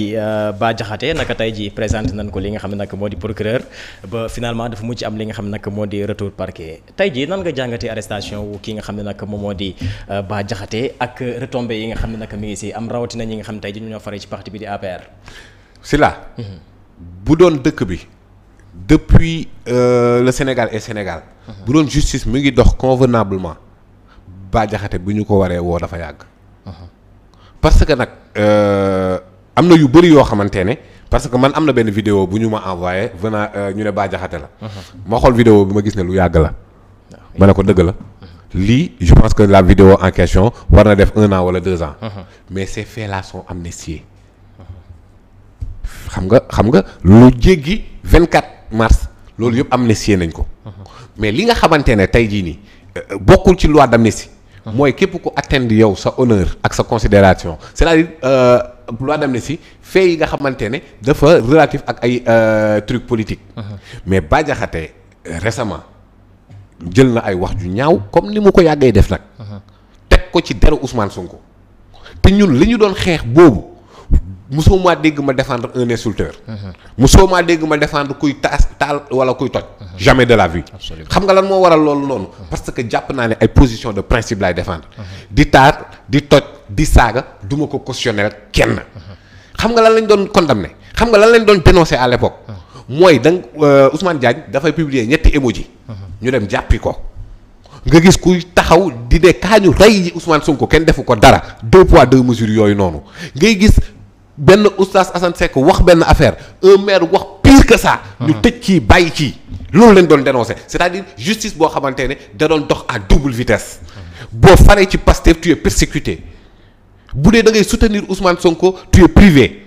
di euh, Bah Diakhaté naka tey ji présenté nañ ko li nga xam ne nag moo di procureur ba finalement dafa mujj am li nga xam ne nag moo di retour parquet tey ji nan nga jàngatee arrestation wu ki nga xam ne nag moom moo di euh, Bah Diakhaté ak retombées yi nga xam ne nag mi ngi si am rawatina ñi nga xam ne tey ji ñu ñoo faree ci parti bi di APR. si la mhm. bu doon dëkk bi. depuis euh, le Sénégal et Sénégal. Mhm. bu doon justice mi ngi dox convenablement Bah Diakhaté bi ñu ko waree woo dafa yàgg. Mhm. am na yu bëri yoo xamante ne parce que man am na benn vidéo bu ñu ma envoyé venant euh, ñu ne Bah Diakhaté la mhm. ma xool vidéo bi ma gis ne lu yàgg la ah, ma ne ko dëgg la mhm. lii je pense que la vidéo en question war na def un an wala deux ans mhm. mais ces faits là sont amnistiés xam nga xam nga lu jéggi 24 mars loolu yëpp amnistié nañ ko mais li nga xamante ne tey jii nii euh, bokkul ci loi d'amnistie mooy képp ku atteindre yow sa honneur ak sa considération c'est-à-dire euh, loi d'amnistie fait yi nga xamante ne dafa relatif ak ay euh, truc politique uh-huh. mais Bah Diakhaté euh, récemment jël na ay wax ju ñaaw comme ni mu ko yàggee def nag uh-huh. teg ko ci deru Ousmane Sonko te ñun li ñu doon xeex boobu mosoo maa dégg ma défendre un insulteur musoo uh-huh. maa dégg ma défendre kuy taas taal wala kuy toj jamais de la vie xam nga lan moo waral loolu noonu parce que jàpp naa ne ay position de principe lay défendre di taal di toj di saaga duma ko cautionner ak kenn. xam nga lan lañ doon condamné xam nga lan lañ doon dénoncé à l'époque. mooy da nga euh, Ousmane Diagne dafay publier ñetti émoji ñu dem jàppi ko. nga gis kuy taxaw di ne kaañu rey yi Ousmane ko kenn defu ko dara deux poids deux mesures yooyu noonu ngay gis benn oustaz Assane ko wax benn affaire un maire wax pire que ça. ñu tëj kii bàyyi kii. loolu lañ doon dénoncer c'est-à-dire justice boo xamante ne da doon dox à double vitesse. boo faree ci Pastef tu es bu dee da ngay soutenir Ousmane Sonko tu es privé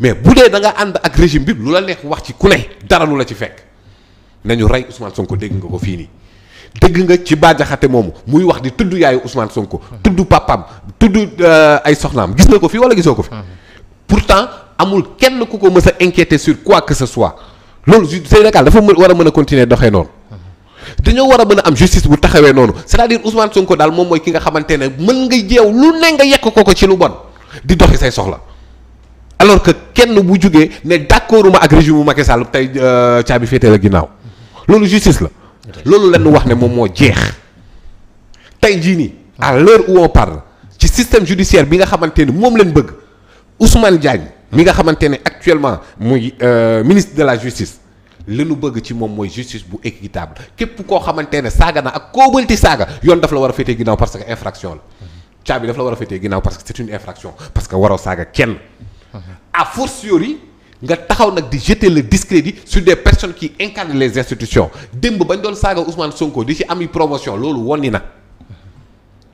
mais bu dee danga ànd ak régime bi lu la neex wax ci ku ne dara lu la ci fekk nañu rey Ousmane Sonko dégg nga ko fii nii dégg nga ci baajaxate moomu muy wax di tudd yaayu Ousmane Sonko. tudd papam tudd euh, ay soxnaam gis nga ko fii wala gisoo ko fi. pourtant amul kenn ku ko mës a inquiéter sur quoi que ce soit loolu Sénégal dafa war a mën a continuer doxee noonu. dañoo war a mën a am justice bu taxawee noonu c'est-à-dire Ousmane Sonko daal moom mooy ki nga xamante ne mën nga jeew lu ne nga yekk ko ko ci lu bon di doxi say soxla alors que kenn bu jugee ne d'accorduma ak régime bu Macky Sall tey euh, caabi féetee la ginnaaw loolu justice la. loolu lañu wax ne moom moo jeex tey jii nii. à l'heure où on parle ci système judiciaire bi nga xamante ni moom lañ bëgg Ousmane Diagne mi nga xamante ne actuellement muy euh, ministre de la justice. li nu bëgg ci moom mooy justice bu équitable képp koo xamante ne saaga na ak koo bëlti saaga yoon daf la war a féetee ginnaaw parce que infraction la caabi a féetee ginnaaw parce que c'est une infraction parce que waroo saaga kenn a fortiori nga taxaw nag di jeter le discrédit su des personnes qui incarnent les institutions démb bañ doon saaga Ousmane Sonko di ci ami promotion loolu wonni na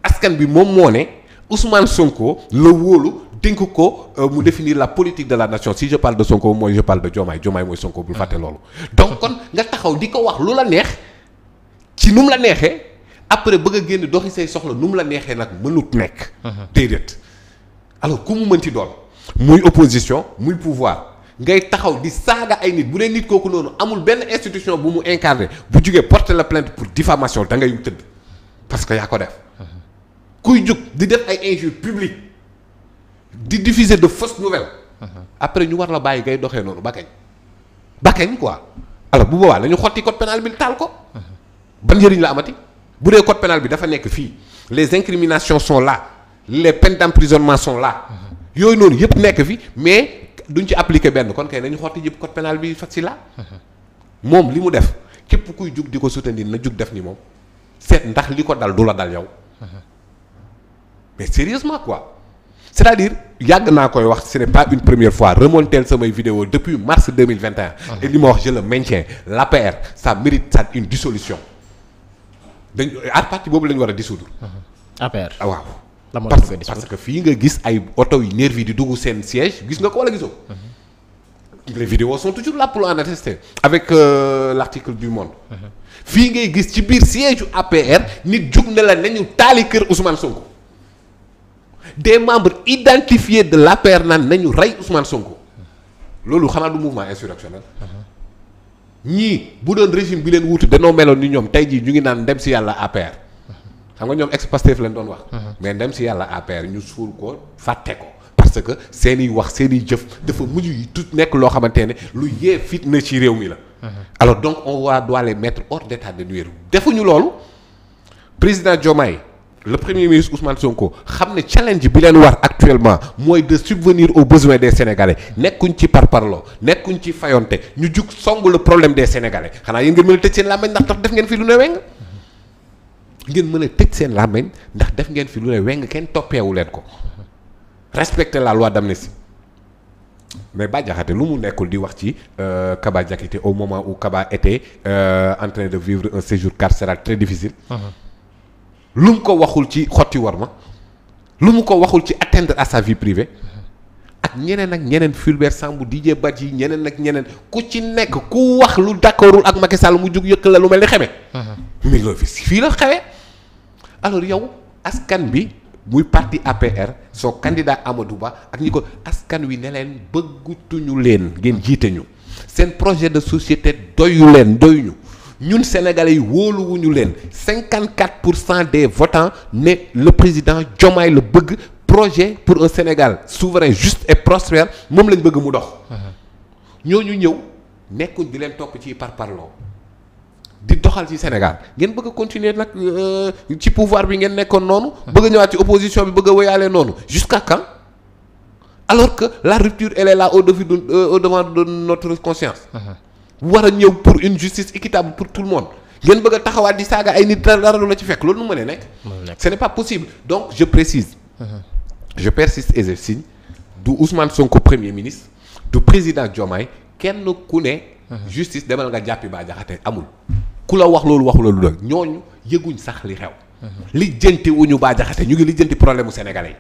askan bi moom moo ne Ousmane Sonko la wóolu dénk ko euh, mu définir la politique de la nation si je parle de Sonko mooy je parle de Diomaye Diomaye mooy Sonko bul fàtte ah. loolu. donc kon nga taxaw di ko wax lu la neex ci nu mu la neexee après bëgg a génn doxi say soxla nu mu la neexee nag mënut nekk. déedéet alors ku mu mënti doon muy opposition muy pouvoir. ngay taxaw di saaga ay nit bu leen nit kooku noonu amul benn institution bu mu incarné bu jugee porter la plainte pour diffamation da ngay tëdd parce que yaa ko def kuy di def ay injures publiques di diffuser de fausses nouvelles. après ñu war la bàyyi ngay doxee noonu ba kañ. ba kañ quoi alors bu boobaa la xotti code pénal bi taal ko. ba njëriñ la amati bu dee code pénal bi dafa nekk fii les incriminations sont là les peines d'emprisonnement sont là yooyu noonu yëpp nekk fi mais duñ ci appliquer benn kon kay nañu xotti yëpp code pénal bi fas si la moom li mu def képp kuy jug di ko soutenir na jug def ni moom seet ndax li ko dal du la dal yow mais c'est-à-dire yàgg naa koy wax ce n'est pas une première fois remonteel samay vidéo depuis mars 2021 mmh. et li ma wax je le maintiens l'APR ça mérite ça une dissolution dañ at parti boobu la war a dissoudre uh-huh. APR ah, waaw parce, parce que fii nga gis ay oto yu nervi di dugg seen siège gis nga ko wala gisoo uh-huh. les vidéos sont toujours là pour en attester avec euh, l'article du Monde uh-huh. fii ngay gis ci biir siège u APR nit jug na la nañu taali kër Ousmane Sonko des membres identifiés de l'APR naan nañu rey Ousmane Sonko loolu xanaa du mouvement insurrectionnel ñii bu doon régime bi leen wuute danoo meloon ni ñoom tey jii ñu ngi naan ndem si yàlla APR xam nga ñoom ex Pastef leen doon wax. mais ndem si yàlla APR ñu suul ko fàtte ko. parce que seen i wax seen i jëf dafa mujj yi tout nekk loo xamante ne lu yee fitna ci réew mi la. alors donc on va doit les mettre hors d'état de nuire defuñu loolu président Diomaye le premier ministre Ousmane Sonko xam ne challenge bi leen war actuellement mooy de subvenir aux besoins des sénégalais nekkuñ ci parparloo nekkuñ ci fayonte ñu jug song la problème des sénégalais xanaa yéen ngeen mën a tëj seen làmmeñ ndax daf def ngeen fi lu ne weng mën a tëj seen làmmeñ ndax def ngeen fi lu ne weng kenn toppeewu leen ko respecter la loi si mais Bah lu mu nekkul di wax ci euh, Kaba Diakité au moment au Kaba était euh, en de vivre un séjour carcéral très difficile. Uh -huh. lu mu ko waxul ci xotti war ma lu mu ko waxul ci atteindre à sa vie privée ak ñeneen ak ñeneen Fulbert Sambou Didier Badji ñeneen ak ñeneen ku ci nekk ku wax lu d'accordul ak Macky Sall mu jug yëkk la lu mel ni xeme uh-huh. mais loolu fii la xewee alors yow askan bi muy parti APR soo candidat amadu Ba ak ñi ko askan wi ne leen bëggatuñu leen ngeen jiite ñu seen projet de société doyu leen doyu ñun sénégalais yi wóoluwuñu leen 54 pour cent des votants ne le président Diomaye la bëgg projet pour un Sénégal souverain juste et prospère moom lañ bëgg mu dox. ñoo ñu ñëw nekkuñ di leen topp ci par parloo di doxal ci Sénégal ngeen bëgg a continuer nag euh, ci pouvoir bi ngeen nekkoon noonu. bëgg a ñëwaat ci opposition bi bëgg a wéyaale noonu jusqu'à quand alors que la rupture elle est là au-dessus de, euh, de notre conscience. Uh-huh. war a ñëw pour une justice équitable pour tout le monde ngeen bëgg a taxawaat di saaga ay nit dara lu la ci fekk loolu nu mu mën a nekk. ce n'est pas possible donc je précise. Mhm. je persiste et je du Ousmane sonk premier ministre du président Diomaye kenn ku ne. Mhm. justice demal nga jàppi baajaxate amul. ku la wax loolu waxu la lu doon ñooñu yëguñ sax li xew. Mhm. lijjanti wuñu Bah Diakhaté ñu ngi lijjanti problème mu sénégalais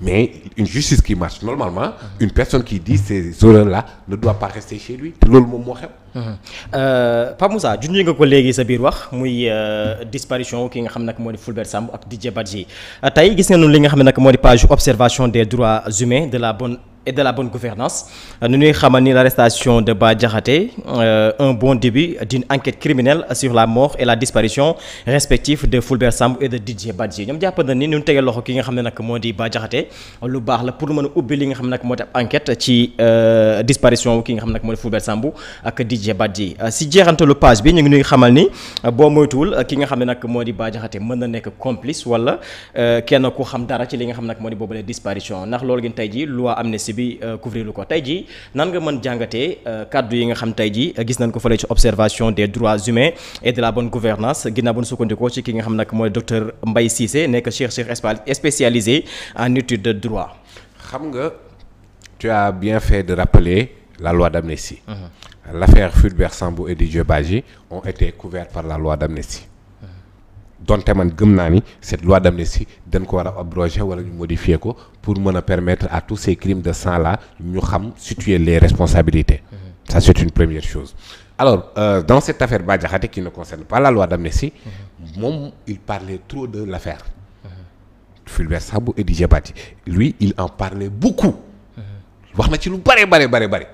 mais une justice qui marche normalement une personne qui dit ces horreurs-là ne doit pas rester chez lui te loolu moom moo xew mmh. euh, Pape Moussa junj nga ko léegi sa biir wax muy euh, disparition ki nga xam nag moo di Fulbert Sambou ak Didier Badji euh, tey gis nga noonu li nga xam ne nag moo di page observation des droits humains de la bonne et de la bonne gouvernance euh, nu ñuy xamal ni l'arrestation de Bah Diakhaté euh, un bon début d'une enquête criminelle sur la mort et la disparition respective de Fulbert Sambou et de Didier Badji ñoom jàpp na ni ñu tegee loxo ki nga xam ne nag moo di Bah Diakhaté lu baax la pour mën a ubbi li nga xam ne nag moo di enquête ci euh, disparition ki nga xam ne nag moo di Fulbert Sambou ak Didier Badji si jeexantalu page bi ñu ngi nuy xamal ni boo moytuwul ki nga xam ne nag moo di Bah mën na nekk complice wala kenn ku xam dara ci li nga xam ne moo di boobu disparition journaliste bi euh, couvrir ko tey jii nan nga mën jàngatee euh, kàddu yi nga xam tey jii gis nañ ko fële ci observation des droits humains et de la bonne gouvernance ginnaaw bu ñu sukkandikoo ci ki nga xam nag mooy docteur Mbaye Cissé nekk chercheur spécialisé en études de droit. xam nga tu bien fait de rappeler la loi d'amnistie. Mmh. l'affaire Fulbert Sambou et Didier Badji ont été couvertes par la loi d'amnistie. donte man gëm naa ni cette loi d'amnistie dan ko war a abroger wala ñu modifier ko pour mën a permettre à tous ces crimes de sang la ñu xam situer les responsabilités. c'est une première chose. alors euh, dans cette affaire Bah Diakhaté qui ne concerne pas la loi d'amnistie moom mmh. il parlait trop de l'affaire Fulbert Sambou et Didier Badji lui il en parlait beaucoup wax na ci lu bare bare bare bare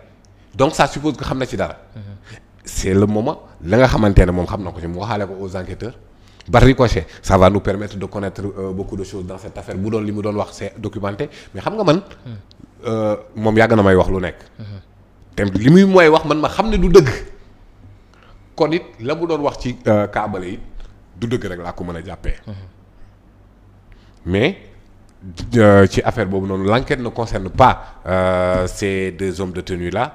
donc sax suppose que xam na ci dara c'est le moment la nga xamante ne moom xam na ko ci mu waxaale ko aux enquêteurs par ricochet ça va nous permettre de connaître euh, beaucoup de choses dans cette affaire bu doon li mu doon wax c'est documenté mais xam nga man. Hmm. Euh, moom yàgg na may wax lu nekk. Hmm. te li muy mooy wax man ma xam ne du dëgg. kon it la mu doon wax ci euh, kaabale it du dëgg rek laa ko mën a jàppee. Hmm. mais euh, ci affaire boobu noonu l'enquête ne concerne pas euh, ces deux hommes de tenue là.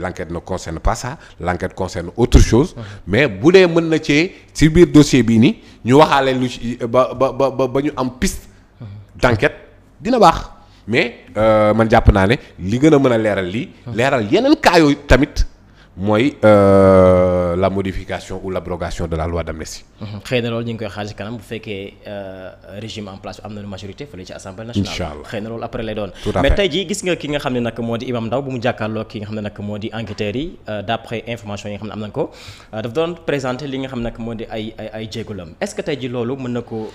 l'enquête ne concerne pas ça l'enquête concerne autre chose mais bu dee mën na cee ci biir dossier bii nii ñu waxaale lu ci ba ba ba ba ñu am piste d'enquête dina baax mais euh, man jàpp naa ne li gën a mën a leeral lii leeral yeneen cas tamit mooy euh, la modification ou l'abrogation de la loi d'amnistie. Mhm. xëy na ñu ngi koy xaar kanam bu fekkee euh, régime en place am na majorité fële ci assemblée nationale. incha loolu après lay doon. mais tey jii gis nga ki nga xam ne nag moo di Imam Ndao bu mu jàkkaarloo ki nga xam ne nag moo di enquêteurs yi euh, d'après information yi nga xam ne am ko daf doon présenter li nga xam ne nag moo di ay ay ay est que tey jii loolu mën na ko